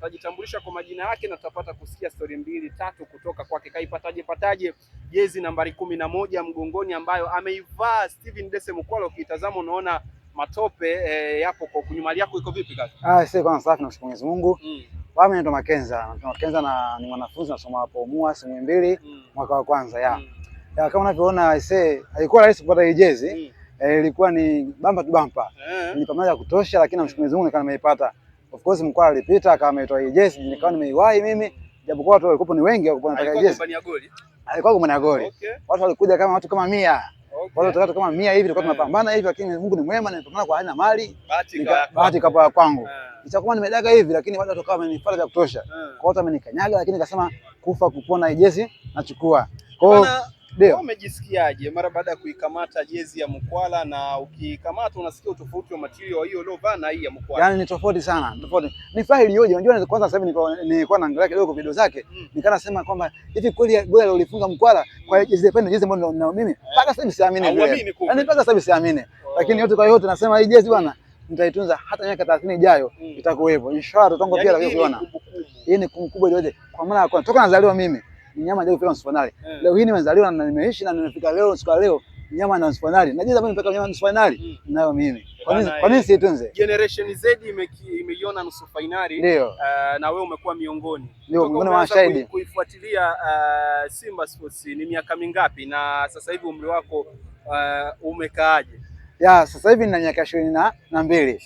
atajitambulisha kwa majina yake na tutapata kusikia stori mbili tatu kutoka kwake. Kaipataje pataje jezi nambari kumi na moja mgongoni ambayo ameivaa Steven Dese Mukwala? Ukitazama unaona matope e, yapo kwa kunyumali yako iko vipi kaka? Ah, sasa kwa safi, nashukuru Mwenyezi Mungu mm. Mimi naitwa Makenza, Makenza na ni mwanafunzi nasoma hapo sehemu mbili mm. mwaka wa kwanza ya. Mm. ya kama unavyoona ise haikuwa rahisi kupata hii jezi mm. Eh, ilikuwa e, ni bamba tu bampa, yeah. ni pamoja kutosha, lakini namshukuru mm. Mwenyezi Mungu nimeipata. Of course mkwa alipita akawa ametoa hii jezi, nikawa mm. nimeiwahi mimi, japokuwa watu walikuwa ni wengi walikuwa wanataka jezi. Alikuwa kumbania goli. Okay. Watu walikuja kama watu kama mia. Okay. Watu watu kama mia hivi tulikuwa mm. tunapambana hivi, lakini Mungu ni mwema, nimepambana kwa aina mali. Bahati kapa kwangu. Nitakuwa mm. nimedaga hivi, lakini watu watu kama wamenifuata vya kutosha. Kwa hiyo watu wamenikanyaga, lakini nikasema kufa kupona hii jezi nachukua. Kwa hiyo ndio. Umejisikiaje mara baada ya kuikamata jezi ya Mkwala, na ukikamata unasikia utofauti wa material hiyo uliovaa na hii ya Mkwala? Yaani ni tofauti sana, tofauti. Ni furaha iliyoje! Unajua, kwanza sasa hivi nilikuwa nilikuwa naangalia kidogo video zake mm. Nikaa nasema kwamba hivi kweli goli alilofunga Mkwala kwa mm. jezi ya pendo, jezi ambayo ndio mimi eh. Paka sasa hivi siamini, yani paka sasa hivi siamini, oh. lakini yote kwa yote nasema hii jezi bwana nitaitunza hata miaka 30 ijayo mm. itakuwepo, inshallah. tutaongo pia la yaani kuona. hii ni kumkubwa ile kwa maana kwa toka nazaliwa mimi nyama ndio kufika nusu finali. Leo hii nimezaliwa na nimeishi na nimefika leo siku leo nyama na nusu finali. Najua sababu nimefika nyama nusu finali mm. nayo mimi. Kwa nini kwa nini eh, siitunze? Generation Z imeiona nusu finali eh, na wewe umekuwa miongoni. Ndio miongoni mwa shahidi. Kuifuatilia eh, Simba Sports ni miaka mingapi na sasa hivi umri wako umekaaje? Ya, sasa hivi nina miaka ishirini na mbili.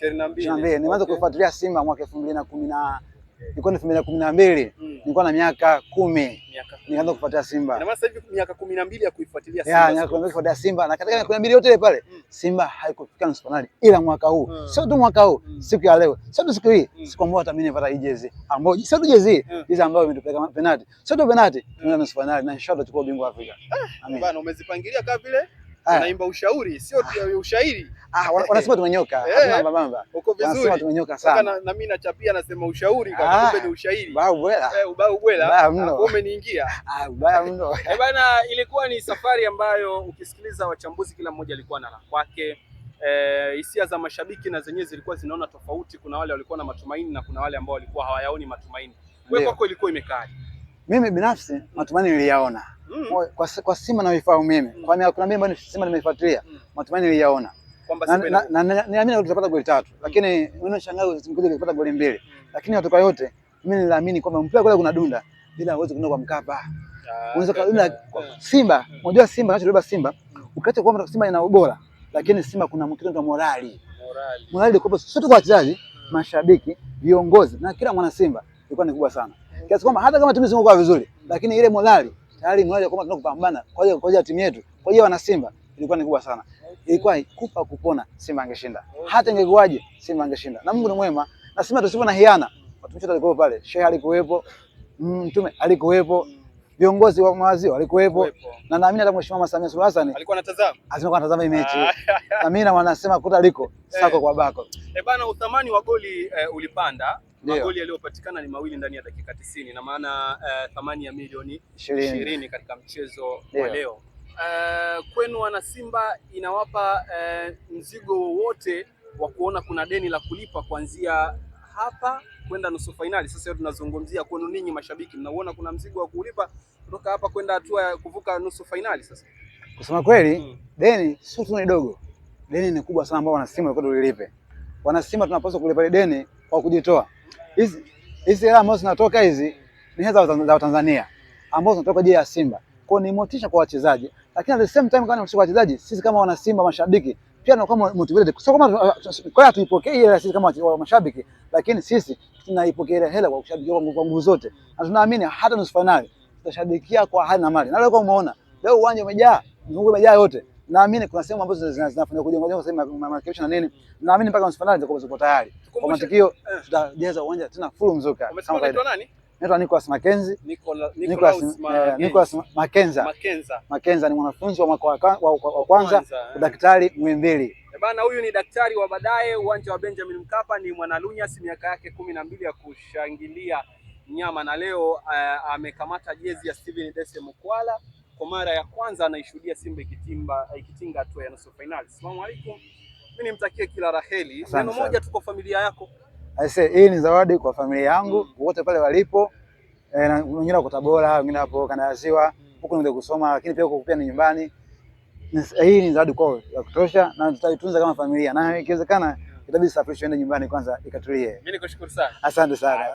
Nimeanza kuifuatilia Simba mwaka elfu mbili na kumi na Eh. nilikuwa na elfu mbili na kumi na mbili mm. nilikuwa na miaka kumi nikaanza kufuatia Simba. Na sasa hivi miaka kumi na mbili ya kuifuatilia Simba. Ya, kuifuatilia Simba na katika miaka kumi na mbili yote ile pale mm. Simba haikufika nusu fainali, ila mwaka huu mm. sio tu mwaka huu, siku ya leo sio tu siku hii, siku ambayo hata mimi nipata hii jezi ambayo sio tu jezi hizi ambayo imetupeleka penalti, sio tu penalti, tunaenda nusu fainali na inshallah tuchukue bingwa Afrika. Ah, bana umezipangilia kama vile Unaimba ushauri sio ah. ushairi. Ah, wanasema tumenyoka. Mamba eh, mamba. Uko vizuri. Wanasema tumenyoka sana. Na, na mimi nachapia nasema ushauri kama kumbe ah, ni ushairi. Bau bwela. Eh, ubau bwela. Umeniingia. Ah, ah, ubaya mno. Eh, bana ilikuwa ni safari ambayo ukisikiliza wachambuzi kila mmoja alikuwa na la kwake. Eh, hisia za mashabiki na zenyewe zilikuwa zinaona tofauti. Kuna wale walikuwa na matumaini na kuna wale ambao walikuwa hawayaoni matumaini. Wewe kwako ilikuwa imekaa mimi binafsi matumaini niliyaona mm. Kwa, kwa Simba naifahamu mimi mm. Kwa kuna mimi ambayo Simba nimeifuatilia mm. Matumaini niliyaona na, na, na, niamini tutapata goli tatu mm. Lakini shangaa kupata goli mbili mm. Lakini watoka yote mimi niliamini kwamba mpira kule kuna dunda bila uwezo kunoka kwa Mkapa ah, unaweza kwa mm. Simba mm. unajua yeah. Simba anacholeba Simba mm. ukiacha kwamba Simba ina ubora lakini Simba kuna mkito wa morali morali morali kwa sababu sio tu kwa wachezaji mashabiki viongozi na kila mwana Simba ilikuwa ni kubwa sana kiasi kwamba hata kama timu zimekuwa vizuri, lakini ile morali tayari mmoja kwamba tunakupambana kwa ajili ya timu yetu, kwa hiyo wana Simba ilikuwa ni kubwa sana, ilikuwa kufa kupona. Simba angeshinda hata ingekuwaje, Simba angeshinda, na Mungu ni mwema, na Simba tusipo na hiana. Watumishi walikuwa pale, shehe alikuwepo, mm, mtume alikuwepo, viongozi wa mawazi walikuwepo, na naamini hata mheshimiwa Mama Samia Suluhu Hassan alikuwa anatazama, azima kwa anatazama hii mechi, ah. na mimi na wanasema kuta liko sako eh. kwa bako. Eh bana, uthamani wa goli eh, ulipanda magoli yaliyopatikana ni mawili ndani ya dakika 90 na maana uh, thamani ya milioni ishirini katika mchezo wa leo uh, kwenu wana Simba inawapa uh, mzigo wowote wa kuona kuna deni la kulipa kuanzia hapa kwenda nusu fainali. Sasa tunazungumzia kwenu ninyi mashabiki, mnauona kuna mzigo wa kulipa kutoka hapa kwenda hatua ya kuvuka nusu fainali? Sasa kusema kweli, hmm, deni sio tu ni dogo, deni ni kubwa sana ambao wanasimba walikuwa tulilipe. Wanasimba tunapaswa kulipa deni kwa kujitoa hizi hizi hela ambazo zinatoka hizi ni hela za Tanzania ambazo zinatoka je ya Simba. Kwa ni motisha kwa wachezaji, lakini at the same time kama ni motisha kwa wachezaji, sisi kama wana Simba mashabiki pia na kama motivated. So kama kwa tuipokee hela sisi kama mashabiki, lakini sisi tunaipokea hela kwa kushabikia kwa nguvu zote, na tunaamini hata nusu finali tutashabikia kwa hali na mali. Na leo kwa umeona leo uwanja umejaa, mzunguko umejaa yote naamini kuna sehemu ambazo zinafanya kujengwa jengo sasa marekebisho na nini, naamini mpaka nusu finali zitakuwa ziko tayari kwa matukio, eh. tutajaza uwanja tena full mzuka. Kama kawaida, nani naitwa Nicholas Makenzi. Nicholas eh, Makenza Makenza ni mwanafunzi wa mwaka wa kwanza eh. daktari Muhimbili. Bana, huyu ni daktari wa baadaye. Uwanja wa Benjamin Mkapa ni si miaka yake kumi na mbili ya kushangilia nyama, na leo uh, amekamata jezi ya Steven Dese Mukwala kwa mara ya kwanza anaishuhudia Simba ikitimba ikitinga hatua ya nusu finali. Asalamu alaykum. Mimi nimtakie kila raheli. Neno moja tu kwa familia yako. I say, hii ni zawadi kwa familia yangu mm. wote pale walipo e, na wengine wako Tabora, wengine hapo kanda ya Ziwa mm. huko ndio kusoma, lakini pia huko pia ni nyumbani. Hii ni zawadi kwao ya kutosha, na tutaitunza kama familia, na ikiwezekana mm. itabidi safari ende nyumbani kwanza ikatulie. Mimi nikushukuru sana, asante sana.